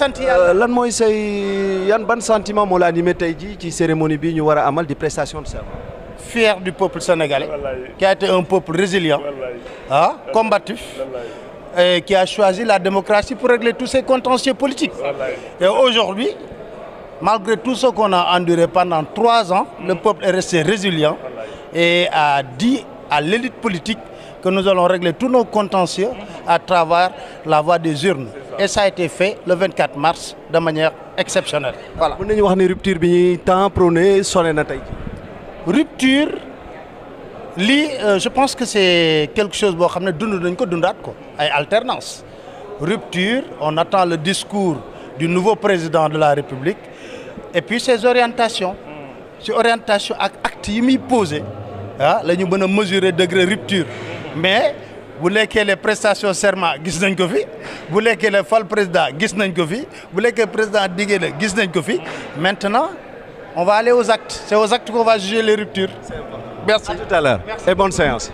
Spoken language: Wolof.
sant euh, lan mooy say yan ban sentiment moo la animé tey jii ci cérémonie bi ñu war a amal di prestation de serment. fier du peuple sénégalais qui a été un peuple résilient ah combatif et qui a choisi la démocratie pour régler tous ses contentieux politiques et aujourd'hui malgré tout ce a enduré pendant trois ans mm. le peuple est résilient et a dit à l'élite politique que nous allons régler tous nos contentieux mm. à travers la voie des urnes. et ça a été fait le 24 mars de manière exceptionnelle voilà. mën nañu wax ni rupture bi ñuy temps prôné sonné na tey. rupture lii euh, je pense que c'est quelque chose boo xam ne dund nañ ko dundaat ko ay alternance rupture on attend le discours du nouveau président de la République et puis ses orientations. ci orientation ak acte yi muy ah, la ñu mën a degré rupture mais. bu lekkee les prestation serment gis nañ ko fi bu lekkee le fal président gis nañ ko fi bu lekkee président diggee la gis nañ ko fi maintenant on va aller aux actes c'est aux actes qu'on va juger les ruptures. merci et bonne séance.